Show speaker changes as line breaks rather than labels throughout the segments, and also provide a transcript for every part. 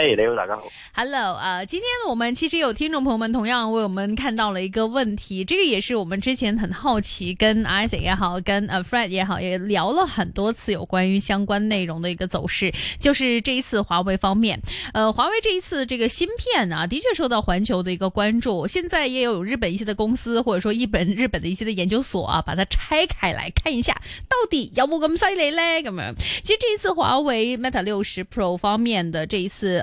哎、hey，大家
好，Hello 啊、uh,！今天我們其實有聽眾朋友們同樣為我們看到了一個問題，這個也是我們之前很好奇，跟 Isaac 也好，跟呃、uh, Fred 也好，也聊了很多次有關於相關內容的一個走勢，就是這一次華為方面，呃，華為這一次這個芯片啊，的確受到環球的一個關注，現在也有日本一些的公司，或者說日本日本的一些的研究所啊，把它拆開來看一下，到底有冇咁犀利咧？咁樣，其實這一次華為 Mate 60 Pro 方面的這一次。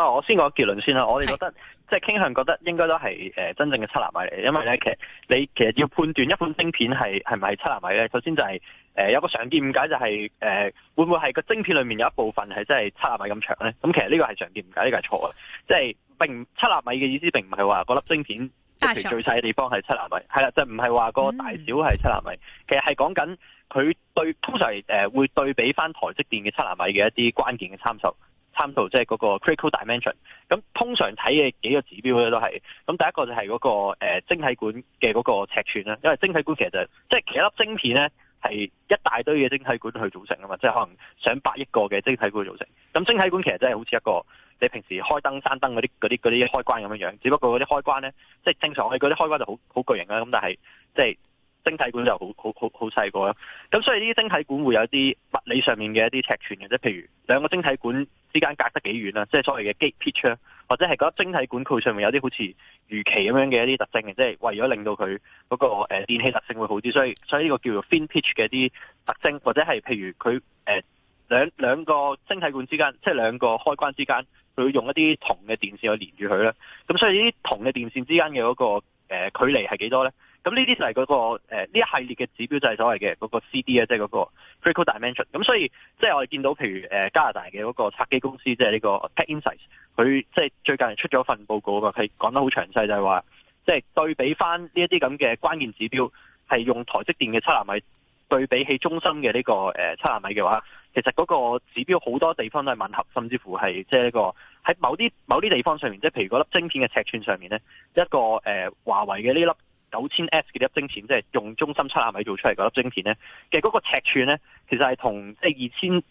啊、哦！我先講結論先啦。我哋覺得即係傾向覺得應該都係誒、呃、真正嘅七納米嚟。因為咧，其實你其實要判斷一本晶片係係咪七納米咧，首先就係、是、誒、呃、有個常見誤解就係、是、誒、呃、會唔會係個晶片裏面有一部分係真係七納米咁長咧？咁、嗯、其實呢個係常見誤解，呢個係錯嘅。即、就、係、是、並七納米嘅意思，並唔係話個粒晶片最細嘅地方係七納米，係啦，就唔係話個大小係七納米、嗯。其實係講緊佢對通常係誒會對比翻台積電嘅七納米嘅一啲關鍵嘅參數。參透即係嗰個 critical dimension。咁通常睇嘅幾個指標咧都係，咁第一個就係嗰、那個誒、呃、晶體管嘅嗰個尺寸啦。因為晶體管其實就即、是、係、就是、其一粒晶片咧係一大堆嘅晶體管去組成啊嘛，即、就、係、是、可能上百億個嘅晶體管組成。咁晶體管其實真係好似一個你平時開燈、閂燈嗰啲嗰啲嗰啲開關咁樣樣，只不過嗰啲開關咧即係正常，佢嗰啲開關就好好巨型啦。咁但係即係。就是晶體管就好好好好細個啦，咁所以呢啲晶體管會有啲物理上面嘅一啲尺寸嘅，即係譬如兩個晶體管之間隔得幾遠啊，即、就、係、是、所謂嘅 gate pitch 啊，或者係覺得晶體管佢上面有啲好似魚鰭咁樣嘅一啲特性嘅，即、就、係、是、為咗令到佢嗰個誒電氣特性會好啲，所以所以呢個叫做 fin pitch 嘅一啲特徵，或者係譬如佢誒兩兩個晶體管之間，即係兩個開關之間，佢會用一啲銅嘅電線去連住佢啦，咁所以呢啲銅嘅電線之間嘅嗰個誒、呃、距離係幾多咧？咁呢啲就係嗰、那個呢、呃、一系列嘅指標就 CD, 就係所謂嘅嗰個 CD 啊，即係嗰個 Critical Dimension。咁所以即係、就是、我哋見到，譬如誒加拿大嘅嗰個拆機公司，即係呢個 Tech Insights，佢即係最近出咗份報告㗎，佢講得好詳細，就係話即係對比翻呢一啲咁嘅關鍵指標，係用台積電嘅七納米對比起中芯嘅呢個誒七納米嘅話，其實嗰個指標好多地方都係吻合，甚至乎係即係呢個喺某啲某啲地方上面，即、就、係、是、譬如嗰粒晶片嘅尺寸上面咧，就是、一個、呃、華為嘅呢粒，九千 S 嘅粒晶片，即係用中芯七納米做出嚟嗰粒晶片咧、那個，其實嗰個尺寸咧，其實係同即係二千誒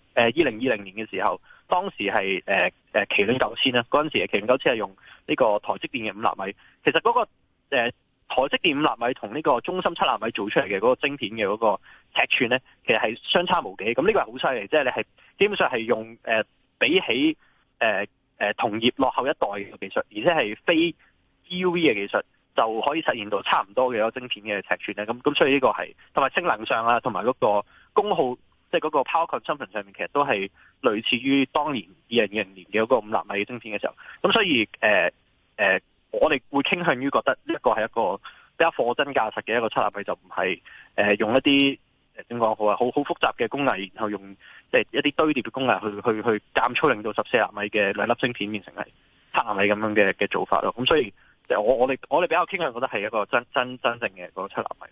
二零二零年嘅時候，當時係誒誒麒麟九千啦，嗰陣時嘅麒麟九千係用呢個台積電嘅五納米。其實嗰、那個、呃、台積電五納米同呢個中芯七納米做出嚟嘅嗰個晶片嘅嗰個尺寸咧，其實係相差無幾。咁呢個係好犀利，即、就、係、是、你係基本上係用誒、呃、比起誒誒、呃呃、同業落後一代嘅技術，而且係非 EUV 嘅技術。就可以實現到差唔多嘅嗰晶片嘅尺寸咧，咁咁所以呢個係同埋性能上啊，同埋嗰個功耗，即係嗰個 power consumption 上面，其實都係類似於當年二零二零年嘅嗰個五納米晶片嘅時候。咁所以誒、呃呃、我哋會傾向於覺得呢一個係一個比較貨真價實嘅一個七納米，就唔係誒用一啲點講好啊，好好複雜嘅工藝，然後用即係、即係、一啲堆疊嘅工藝去去去減粗，令到十四納米嘅兩粒晶片變成係七納米咁樣嘅嘅做法咯。咁所以。即係我我哋我哋比較傾向覺得係一個真真真正嘅嗰、那個七納米。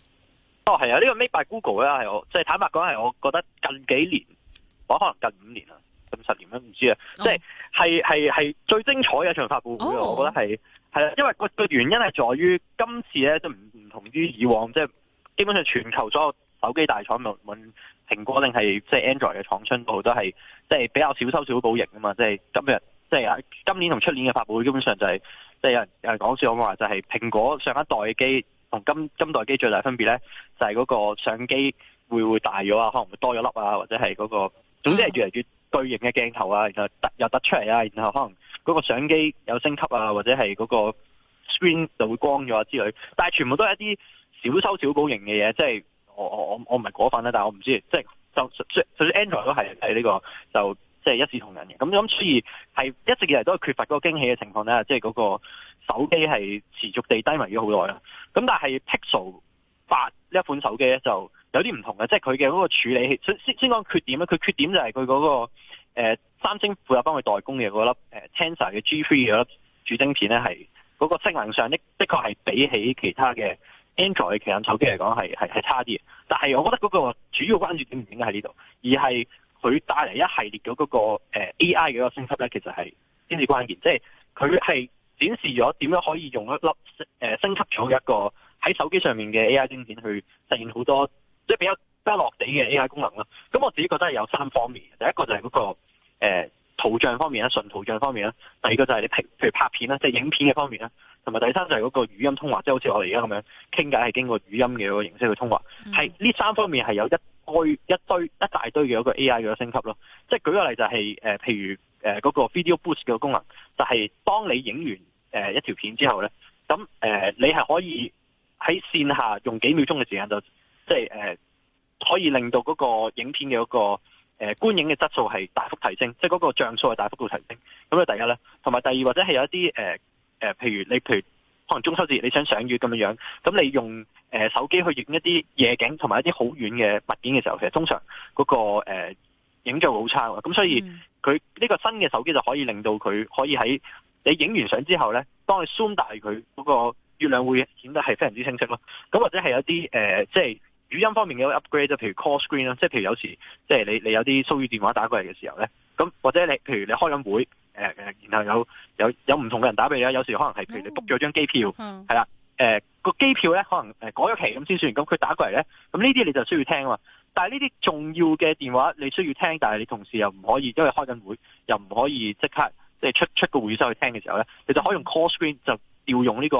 哦、oh，係啊！呢個 Made by Google 咧，係我即係坦白講，係我覺得近幾年，或可能近五年啊，近十年都唔知啊，即係係係係最精彩嘅一場發布會，oh. 我覺得係係啦，因為個個原因係在於今次咧，都唔唔同於以往，即、就、係、是、基本上全球所有手機大廠，無論蘋果定係即係 Android 嘅廠春部都係即係比較少收少保型啊嘛，即、就、係、是、今日即係今年同出年嘅發布會，基本上就係即係有人有人講笑我話就係蘋果上一代機。同金金代機最大分別咧，就係、是、嗰個相機會會大咗啊，可能會多咗粒啊，或者係嗰個總之係越嚟越對型嘅鏡頭啊，然後突又突出嚟啊，然後可能嗰個相機有升級啊，或者係嗰個 screen 就會光咗啊之類，但係全部都係一啲小修小補型嘅嘢，即係我我我我唔係嗰份啦，但我唔知，即係就即 Android 都係係呢個就即係一視同仁嘅，咁咁所以係一直以嚟都係缺乏嗰個驚喜嘅情況咧，即係嗰個。手機係持續地低迷咗好耐啦，咁但係 Pixel 八呢一款手機咧就有啲唔同嘅，即係佢嘅嗰個處理器先先先講缺點啦，佢缺點就係佢嗰個誒、呃、三星負責幫佢代工嘅嗰粒誒 Tensor 嘅 G 三嘅粒主晶片咧係嗰個性能上的的確係比起其他嘅 Android 嘅旗艦手機嚟講係係係差啲嘅，但係我覺得嗰個主要關注點唔應該喺呢度，而係佢帶嚟一系列嘅嗰、嗰個誒、呃、AI 嘅一個升級咧，其實係先至關鍵，即係佢係。展示咗點樣可以用一粒誒升級咗嘅一個喺手機上面嘅 AI 芯片去實現好多即係比較低落地嘅 AI 功能啦。咁我自己覺得係有三方面，第一個就係嗰個誒圖像方面啦，純圖像方面啦；第二個就係你譬，譬如拍片啦，即係影片嘅方面啦，同埋第三就係嗰個語音通話，即係好似我哋而家咁樣傾偈係經過語音嘅形式去通話，係、嗯、呢三方面係有一堆一堆一大堆嘅一個 AI 嘅升級咯。即係舉個例就係誒譬如誒嗰個 Video Boost 嘅功能，就係當你影完。誒、呃，一條片之後呢，咁誒、呃，你係可以喺線下用幾秒鐘嘅時間就，即係誒，可以令到嗰個影片嘅嗰、那個誒、呃、觀影嘅質素係大幅提升，即係嗰個像素係大幅度提升。咁咧，第一啦，同埋第二或者係有一啲誒誒，譬如你譬如可能中秋節你想賞月咁樣樣，咁你用誒、呃、手機去影一啲夜景同埋一啲好遠嘅物件嘅時候，其實通常嗰、那個誒、呃、影像好差，咁所以佢呢、嗯、個新嘅手機就可以令到佢可以喺。你影完相之後咧，當你 zoom 大佢嗰、嗰個月亮會顯得係非常之清晰咯。咁或者係有啲誒，即係語音方面嘅 upgrade 就譬如 call screen 啦，即係譬如有時即係你你有啲騷擾電話打過嚟嘅時候咧，咁或者你譬如你開緊會、呃、然後有有有唔同嘅人打俾你啦，有時可能係譬如你 book 咗張機票，係、mm、啦 -hmm.，誒、呃、個機票咧可能誒改咗期咁先算，咁佢打過嚟咧，咁呢啲你就需要聽喎。但係呢啲重要嘅電話你需要聽，但係你同時又唔可以因為開緊會又唔可以即刻。即係出出個會議室去聽嘅時候咧，你就可以用 call screen 就調用呢個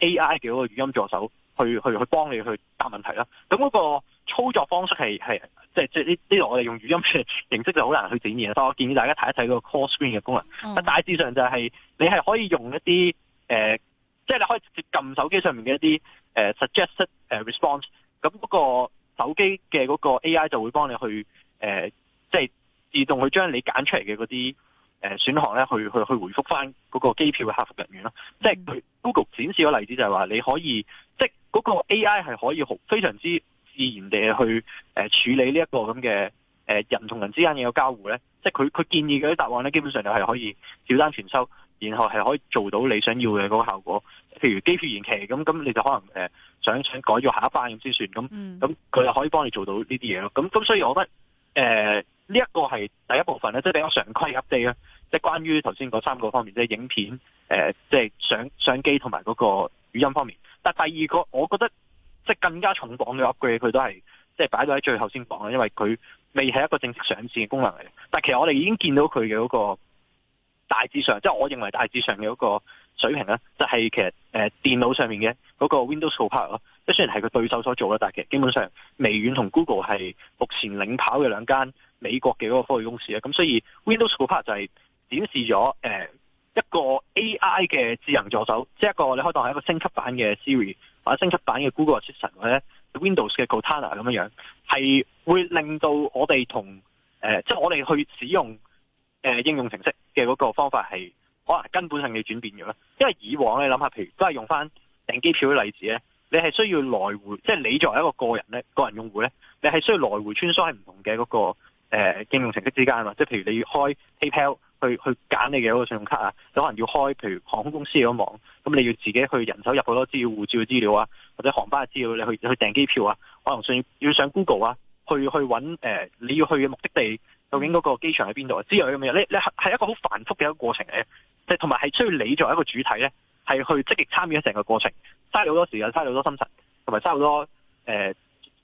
AI 嘅嗰個語音助手去去去幫你去答問題啦。咁嗰個操作方式係係即係即係呢呢度我哋用語音嘅形式就好難去展現啦。所以我建議大家睇一睇嗰個 call screen 嘅功能。但大致上就係、是、你係可以用一啲誒，即、呃、係、就是、你可以直接撳手機上面嘅一啲、呃、suggested 誒 response。咁嗰個手機嘅嗰個 AI 就會幫你去誒，即、呃、係、就是、自動去將你揀出嚟嘅嗰啲，誒選項咧，去去去回覆翻嗰個機票嘅客服人員咯，即係佢 Google 展示個例子就係話，你可以即係嗰個 AI 係可以好非常之自然地去誒處理呢一個咁嘅誒人同人之間嘅交互咧，即係佢佢建議嘅啲答案咧，基本上就係可以照單全收，然後係可以做到你想要嘅嗰個效果。譬如機票延期咁，咁你就可能誒想想改咗下一班咁先算，咁咁佢又可以幫你做到呢啲嘢咯。咁咁所以我覺得誒呢一個係第一部分咧，即係比較常規 update 啊。即係關於頭先嗰三個方面，即係影片、誒、呃、即係相相機同埋嗰個語音方面。但係第二個，我覺得即係更加重磅嘅 upgrade，佢都係即係擺到喺最後先講啊，因為佢未係一個正式上線嘅功能嚟嘅。但係其實我哋已經見到佢嘅嗰個大致上，即係我認為大致上嘅嗰個水平咧，就係其實誒電腦上面嘅嗰個 Windows Copilot 咯。即係雖然係佢對手所做啦，但係其實基本上微軟同 Google 係目前領跑嘅兩間美國嘅嗰個科技公司啊。咁所以 Windows Copilot 就係。展示咗誒一個 A.I. 嘅智能助手，即係一個你可以當係一個升級版嘅 Siri 或者升級版嘅 Google Assistant 或者 Windows 嘅 Cortana 咁樣樣，係會令到我哋同誒即係我哋去使用誒、呃、應用程式嘅嗰個方法係可能根本性嘅轉變咗。因為以往你諗下，譬如都係用翻訂機票嘅例子咧，你係需要來回，即係你作為一個個人咧，個人用戶咧，你係需要來回穿梭喺唔同嘅嗰、那個誒、呃、應用程式之間啊嘛。即係譬如你開 PayPal。去去揀你嘅嗰個信用卡啊，就可能要開，譬如航空公司嘅網，咁你要自己去人手入好多資料、護照嘅資料啊，或者航班嘅資料，你去去訂機票啊，可能上要上 Google 啊，去去揾誒你要去嘅目的地究竟嗰個機場喺邊度啊？之類咁樣，你你係一個好繁複嘅一個過程嚟嘅，即係同埋係需要你作為一個主體咧，係去積極參與成個過程，嘥你好多時間，嘥你好多心神，同埋嘥好多誒、呃、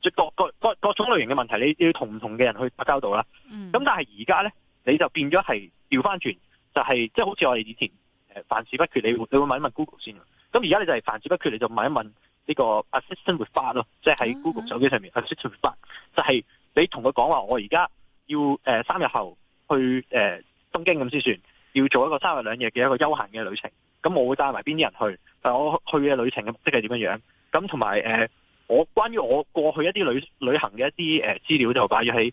各各各各種類型嘅問題，你要同唔同嘅人去打交道啦。咁但係而家咧，你就變咗係。調翻轉就係即係好似我哋以前誒，凡事不決，你會你會問一問 Google 先。咁而家你就係凡事不決，你就問一問呢個 Assistant with Bard 咯，即係喺 Google 手機上面 Assistant with Bard，就係、是、你同佢講話，我而家要誒三日後去誒、呃、東京咁先算，要做一個三日兩夜嘅一個休閒嘅旅程。咁我會帶埋邊啲人去，但我去嘅旅程嘅目的係點樣樣？咁同埋誒，我關於我過去一啲旅旅行嘅一啲誒資料就，就擺喺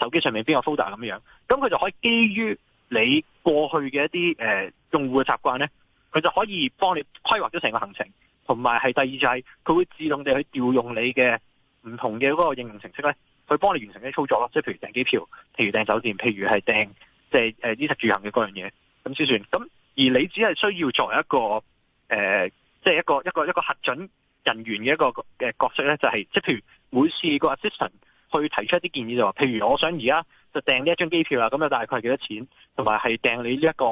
手機上面邊個 folder 咁樣樣。咁佢就可以基於。你過去嘅一啲、呃、用戶嘅習慣呢，佢就可以幫你規劃咗成個行程，同埋係第二就係佢會自動地去調用你嘅唔同嘅嗰個應用程式呢，去幫你完成啲操作咯。即係譬如訂機票，譬如訂酒店，譬如係訂即係誒衣食住行嘅嗰樣嘢咁先算。咁而你只係需要作為一個誒，即、呃、係、就是、一個一個一個，一個核准人員嘅一個嘅角色呢，就係即係譬如每次個 assistant，去提出一啲建議就話，譬如我想而家就訂呢一張機票啦，咁啊大概係幾多錢？同埋係訂你呢一個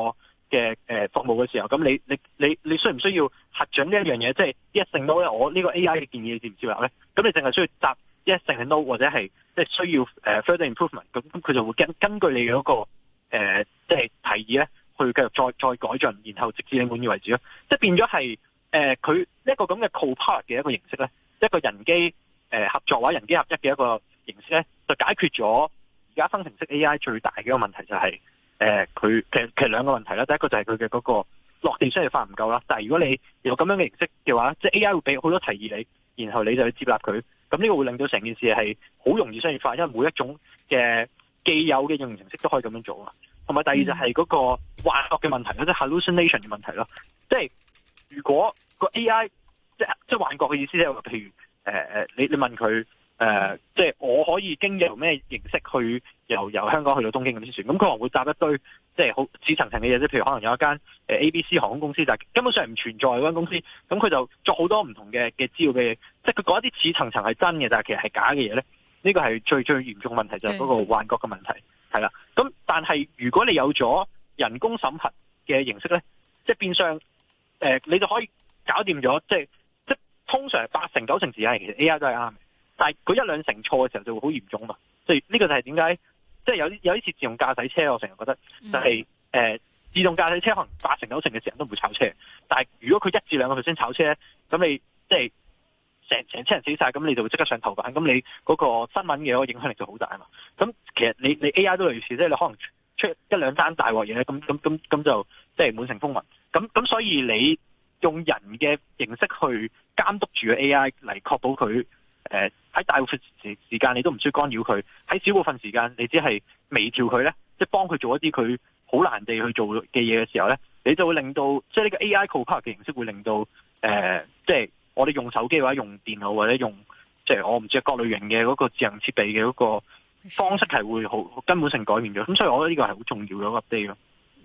嘅誒服務嘅時候，咁你你你你需唔需要核准呢一樣嘢？即係 yes or no 咧，我呢個 AI 嘅建議你接唔接受咧？咁你淨係需要答 yes or no，或者係即係需要 further improvement，咁咁佢就會根根據你嗰、嗰個即係、呃即係、提議咧，去繼續再再改進，然後直至你滿意為止咯。即係變咗係誒佢一個咁嘅 co-pilot 嘅一個形式咧，一個人機合作或者人機合一嘅一個。形式咧，就解決咗而家分程式 AI 最大嘅一個問題，就係誒佢其實其實兩個問題啦，第一個就係佢嘅嗰個落地商業化唔夠啦，但係如果你有咁樣嘅形式嘅話，即係 AI 會俾好多提議你，然後你就去接納佢，咁呢個會令到成件事係好容易商業化，因為每一種嘅既有嘅應用形式都可以咁樣做啊。同埋第二就係嗰個幻覺嘅問題啦，即係、嗯、hallucination 嘅問題咯，即、就是、如果個 AI 即係即係幻覺嘅意思咧，即係譬如誒、呃、你你問佢。誒、呃，即、就、係、是、我可以經由咩形式去由由香港去到東京咁先算？咁佢可能會搭一堆即係好似層層嘅嘢，即譬如可能有一間誒 A B C 航空公司就根本上唔存在嗰間公司。咁佢就作好多唔同嘅嘅資料嘅嘢，即係佢講一啲似層層係真嘅，但係其實係假嘅嘢咧。呢、這個係最最嚴重問題就係、是、嗰個幻覺嘅問題係啦。咁但係如果你有咗人工審核嘅形式咧，即係變相誒、呃，你就可以搞掂咗。即係即係通常八成九成時間其實 A I 都係啱。但係佢一兩成錯嘅時候就會好嚴重啊嘛，所以呢個就係點解，即係有啲有啲似自動駕駛車，我成日覺得就係誒自動駕駛車可能八成九成嘅時候都唔會炒車，但係如果佢一至兩個 percent 炒車，咁你即係成成車人死晒，咁你就會即刻上頭版，咁你嗰個新聞嘅影響力就好大啊嘛。咁其實你你 AI 都類似，即係你可能出一兩單大鑊嘢，咁咁咁咁就即係滿城風雲。咁咁所以你用人嘅形式去監督住個 AI 嚟確保佢。誒，喺大部分時時間你都唔需要干擾佢；喺少部分時間，你只係微調佢咧，即係幫佢做一啲佢好難地去做嘅嘢嘅時候咧，你就會令到即係呢個 AI cooperate 嘅形式會令到誒，即、呃、係、就是、我哋用手機或者用電腦或者用即係、就是、我唔知各類型嘅嗰個智能設備嘅嗰個方式係會好根本性改變咗。咁所以我覺得呢個係好重要嘅 update 咯。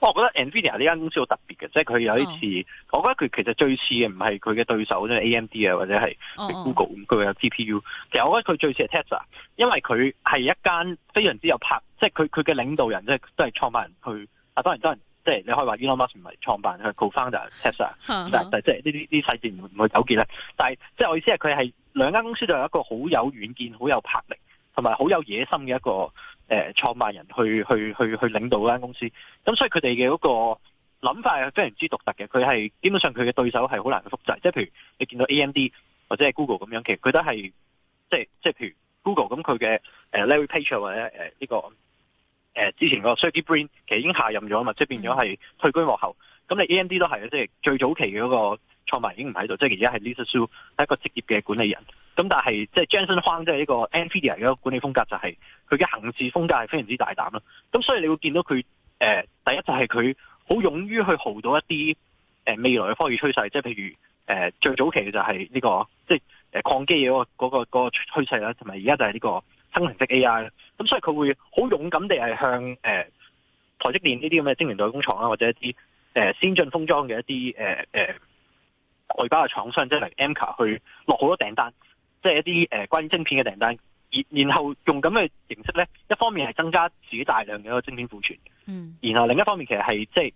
我覺得 Nvidia 呢間公司好特別嘅，即係佢有啲似、嗯，我覺得佢其實最似嘅唔係佢嘅對手即係 AMD 啊，或者係 Google 咁、嗯、佢、嗯、有 GPU。其實我覺得佢最似係 Tesla，因為佢係一間非常之有魄，即係佢佢嘅領導人即係都係創辦人去。啊當然當然，即係你可以話 Elon Musk 唔係創辦，佢 Co-founder Tesla、嗯嗯。但係即係呢啲啲細節唔去糾結咧。但係即係我意思係佢係兩間公司就有一個好有遠見、好有魄力同埋好有野心嘅一個。誒，創辦人去去去去領導嗰間公司，咁所以佢哋嘅嗰個諗法係非常之獨特嘅。佢係基本上佢嘅對手係好難去複製。即係譬如你見到 A M D 或者係 Google 咁樣，其實佢都係即係即係譬如 Google 咁，佢嘅誒 Larry Page 或者誒、這、呢個誒、呃、之前嗰個 Sergey Brin 其實已經下任咗嘛，即係變咗係退居幕後。咁你 A M D 都係即係最早期嘅嗰、那個。創辦已經唔喺度，即係而家係 Lisa Su，係一個職業嘅管理人。咁但係即係 Jensen Huang 即係呢個 Nvidia 嘅管理風格就係佢嘅行事風格係非常之大膽啦。咁所以你會見到佢、呃、第一就係佢好勇於去豪賭一啲、呃、未來嘅科技趨勢，即係譬如、呃、最早期嘅就係呢、這個即係誒礦機嗰、那個嗰、那個趨勢啦，同埋而家就係呢個生成式 AI。咁所以佢會好勇敢地係向誒、呃、台積電呢啲咁嘅晶圓代工廠啊，或者一啲、呃、先進封裝嘅一啲外包嘅廠商，即係嚟 Amkor 去落好多訂單，即係一啲誒關於晶片嘅訂單，然然後用咁嘅形式咧，一方面係增加自己大量嘅一個晶片庫存，嗯，然後另一方面其實係即係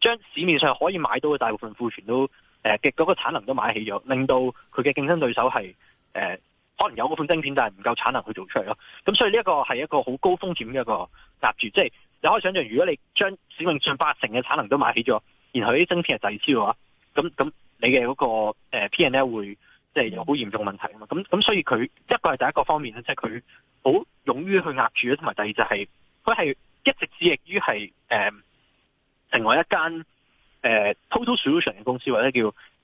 將市面上可以買到嘅大部分庫存都誒嘅嗰個產能都買起咗，令到佢嘅競爭對手係誒、呃、可能有部分晶片，但係唔夠產能去做出嚟咯。咁所以呢一個係一個好高風險嘅一個立住，即係你可以想象，如果你將市面上八成嘅產能都買起咗，然後啲晶片係滯銷嘅話，咁咁。你嘅嗰個 p P&L 會即係有好嚴重問題啊嘛，咁咁所以佢一個係第一個方面咧，即係佢好勇於去押注，同埋第二就係佢係一直致力於係誒、呃、成為一間誒、呃、total solution 嘅公司，或者叫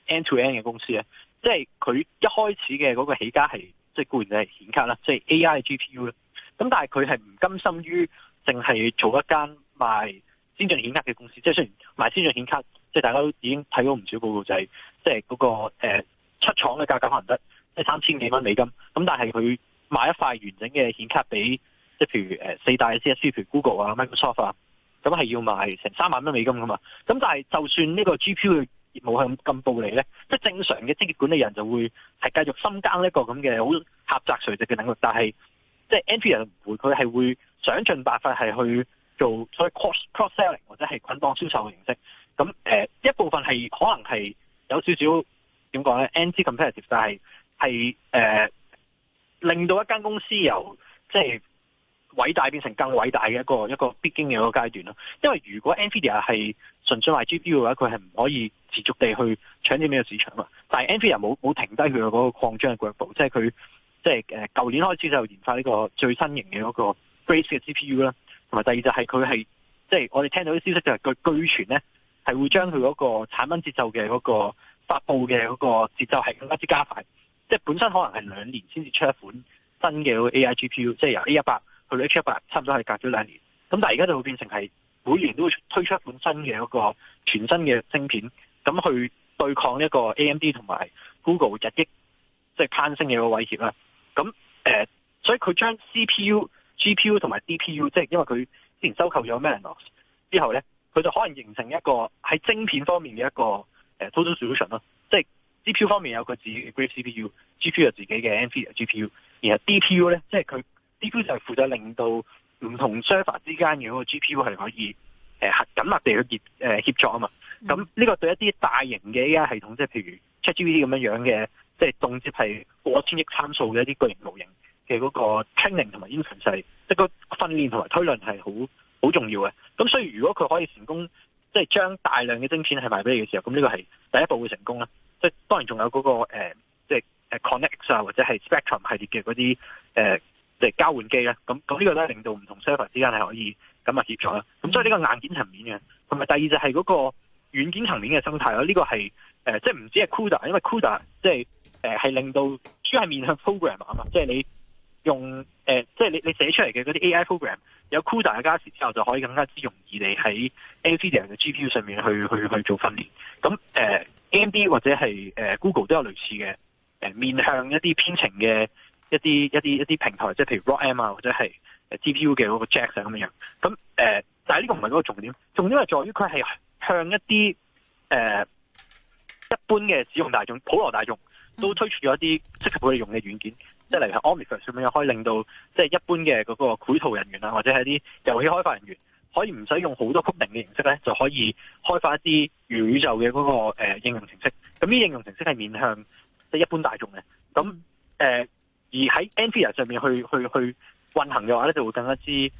end-to-end 嘅 -end 公司，即係佢一開始嘅嗰個起家係即係固然係顯卡啦，即、就、係、是、AIGPU 啦。咁但係佢係唔甘心於淨係做一間賣先進顯卡嘅公司，即、就、係、是、雖然賣先進顯卡。即大家都已經睇到唔少報告，就係即係嗰個、呃、出廠嘅價格可能得即三千幾蚊美金。咁但係佢賣一塊完整嘅顯卡俾，即係譬如、呃、四大嘅 C S P 譬如 Google 啊、Microsoft 啊，咁係要賣成三萬蚊美金噶嘛。咁但係就算呢個 G P U 嘅業務係咁暴利咧，即係正常嘅職業管理人就會係繼續深耕呢一個咁嘅好狹窄垂直嘅領域。但係即係、就是、N P 人唔會，佢係會想盡辦法係去做所謂 cross cross selling 或者係捆綁銷售嘅形式。咁誒、呃、一部分係可能係有少少點講咧，anti-competitive，但係係誒令到一間公司由即係偉大變成更偉大嘅一個一個必經嘅一個階段咯。因為如果 NVIDIA 係純粹賣 GPU 嘅話，佢係唔可以持續地去搶啲咩市場嘛。但係 NVIDIA 冇冇停低佢嗰個擴張嘅腳步，即係佢即係誒舊年開始就研發呢個最新型嘅嗰個 Grace 嘅 CPU 啦。同埋第二就係佢係即係我哋聽到啲消息就係佢據傳咧。係會將佢嗰個產品節奏嘅嗰個發布嘅嗰個節奏係更加之加快，即係本身可能係兩年先至出一款新嘅 A I G P U，即係由 A 一百去到 H 一百，差唔多係隔咗兩年。咁但係而家就會變成係每年都會推出一款新嘅嗰個全新嘅晶片，咁去對抗一個 A M D 同埋 Google 日益即係攀升嘅個威脅啦。咁誒，所以佢將 C P U、G P U 同埋 D P U，即係因為佢之前收購咗 Mellanox 之後咧。佢就可能形成一個喺晶片方面嘅一個誒 total solution 咯，即係 GPU 方面有個自己 Graph CPU，GPU 係自己嘅 NPU GPU，然後 DPU 咧，即係佢 DPU 就係負責令到唔同 server 之間嘅嗰個 GPU 係可以誒緊密地去協誒協作啊嘛。咁呢個對一啲大型嘅 AI 系統，即係譬如 ChatGPT 咁樣樣嘅，即係動輒係過千億參數嘅一啲巨型模型嘅嗰個 training 同埋 training 就係即係個訓練同埋推論係好。好重要嘅，咁所以如果佢可以成功，即係將大量嘅晶片係賣俾你嘅時候，咁呢個係第一步會成功啦。即係當然仲有嗰個誒，即係誒 Connect 啊，或者係 Spectrum 系列嘅嗰啲誒，即係交換機啦。咁咁呢個咧令到唔同 server 之間係可以咁啊協助啦。咁所以呢個硬件層面嘅，同埋第二就係嗰個軟件層面嘅生態啦。呢個係誒，即係唔止係 CUDA，因為 CUDA 即係誒係令到主要係面向 program 嘛，即係你。用誒、呃，即係你你寫出嚟嘅嗰啲 A.I. program 有 CUDA 加持之後，就可以更加之容易地喺 Nvidia 嘅 GPU 上面去去去做訓練。咁誒、呃、AMD 或者係、呃、Google 都有類似嘅、呃、面向一啲編程嘅一啲一啲一啲平台，即係譬如 ROCm 啊，或者係 GPU 嘅嗰個 Jax 咁樣。咁誒、呃，但係呢個唔係嗰個重點，重點係在於佢係向一啲誒、呃、一般嘅使用大眾、普羅大眾都推出咗一啲適合佢哋用嘅軟件。即係例如 Omniverse 上面，可以令到即係一般嘅嗰個繪圖人員啊，或者係啲遊戲開發人員，可以唔使用好多 coding 嘅形式咧，就可以開發一啲宇宙嘅嗰個誒應用程式。咁呢應用程式係面向即係一般大眾嘅。咁誒、呃，而喺 Nvidia 上面去去去運行嘅話咧，就會更加之誒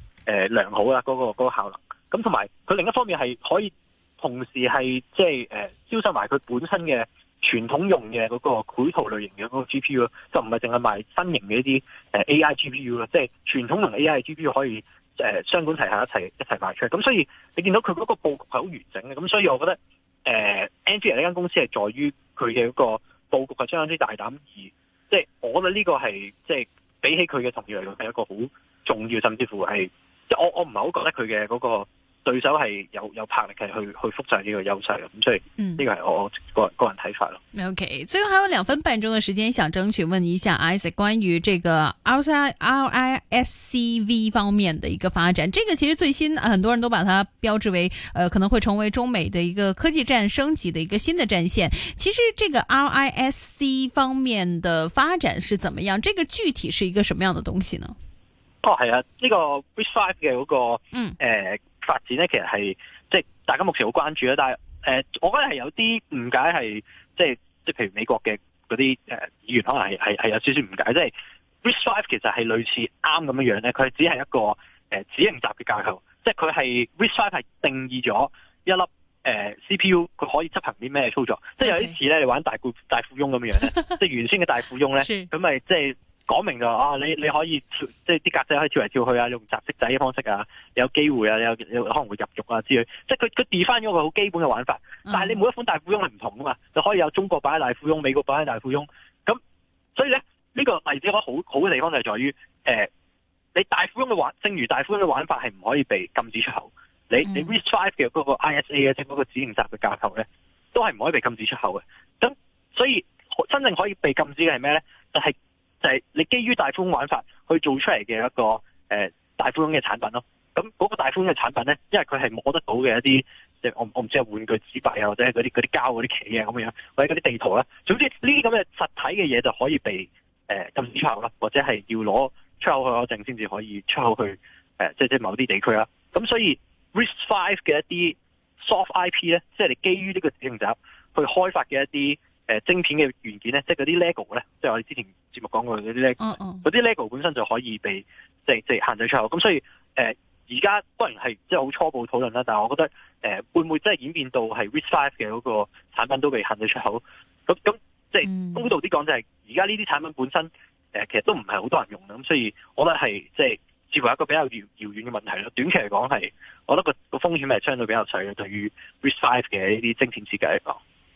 良好啦，嗰、嗰個、嗰個效能。咁同埋佢另一方面係可以同時係即係誒，銷售埋佢本身嘅。傳統用嘅嗰個繪圖類型嘅嗰個 G P U，就唔係淨係賣新型嘅一啲誒 A I G P U 啦，即係傳統同 A I G P U 可以誒雙管齊下一齊一齊賣出去。咁所以你見到佢嗰個布局係好完整嘅。咁所以我覺得誒 Nvidia 呢間公司係在於佢嘅嗰個布局係相當之大膽而，即係我覺得呢個係即係比起佢嘅十年嚟講係一個好重要，甚至乎係即係我我唔係好覺得佢嘅嗰個。對手係有有魄力，係去去複製呢個優勢嘅，咁所以呢個係我個人、嗯、
個人睇法咯。O K，最後還有兩分半鐘嘅時間，想爭取問一下 Isaac 關於這個 R I R I S C V 方面的一個發展。這個其實最新，很多人都把它標誌為，呃、可能會成為中美的一個科技戰升級嘅一個新的戰線。其實這個 R I S C 方面嘅發展是怎麼樣？這個具體是一個什麼樣的東西呢？哦，
係啊，呢、這個 V Five 嘅嗰個，嗯，誒、呃。發展咧，其實係即係大家目前好關注啦。但係誒、呃，我覺得係有啲誤解係，即係即係譬如美國嘅嗰啲誒議員，可能係係係有少少誤解，即係 RISC-V 其實係類似啱咁樣樣咧。佢只係一個誒指令集嘅架構，即係佢係 RISC-V 係定義咗一粒誒、呃、CPU 佢可以執行啲咩操作。Okay. 即係有啲似咧，你玩大富大富翁咁樣咧， 即係原先嘅大富翁咧，咁咪即係。講明就話啊，你你可以跳，即係啲格仔可以跳嚟跳去啊，用擲色仔嘅方式啊，你有機會啊，你有你有你可能會入獄啊之類。即係佢佢跌翻咗個好基本嘅玩法，但係你每一款大富翁係唔同噶嘛，就可以有中國版嘅大富翁、美國版嘅大富翁咁。所以咧，呢、這個例子可好好嘅地方就係在於誒、呃，你大富翁嘅玩，正如大富翁嘅玩法係唔可以被禁止出口。你你 RISC-V 嘅嗰個 I S A 嘅即嗰個指令集嘅架構咧，都係唔可以被禁止出口嘅。咁所以真正可以被禁止嘅係咩咧？就係、是。就係、是、你基於大富翁玩法去做出嚟嘅一個誒、呃、大富翁嘅產品咯。咁嗰個大富翁嘅產品咧，因為佢係摸得到嘅一啲，即係我我唔知係玩具紙幣啊，或者係嗰啲嗰啲膠嗰啲棋啊咁樣，或者嗰啲地圖啦。總之呢啲咁嘅實體嘅嘢就可以被誒、呃、禁止出口啦，或者係要攞出口許可證先至可以出口去誒、呃，即係即係某啲地區啦。咁所以 Risk Five 嘅一啲 Soft IP 咧，即係你基於呢個競集去開發嘅一啲。誒晶片嘅元件咧，即係嗰啲 lego 咧，即係我哋之前節目講過嗰啲 lego，嗰啲、oh, oh. lego 本身就可以被即係即係限制出口。咁所以誒，而家當然係即係好初步討論啦。但係我覺得誒、呃、會唔會真係演變到係 RISC-V 嘅嗰個產品都被限制出口？咁咁即係公道啲講，就係而家呢啲產品本身誒、呃、其實都唔係好多人用啦。咁所以我覺得係即係似乎一個比較遙遙遠嘅問題啦。短期嚟講係，我覺得個個風險係相對比較細嘅，對於 RISC-V 嘅呢啲晶片設計嚟講。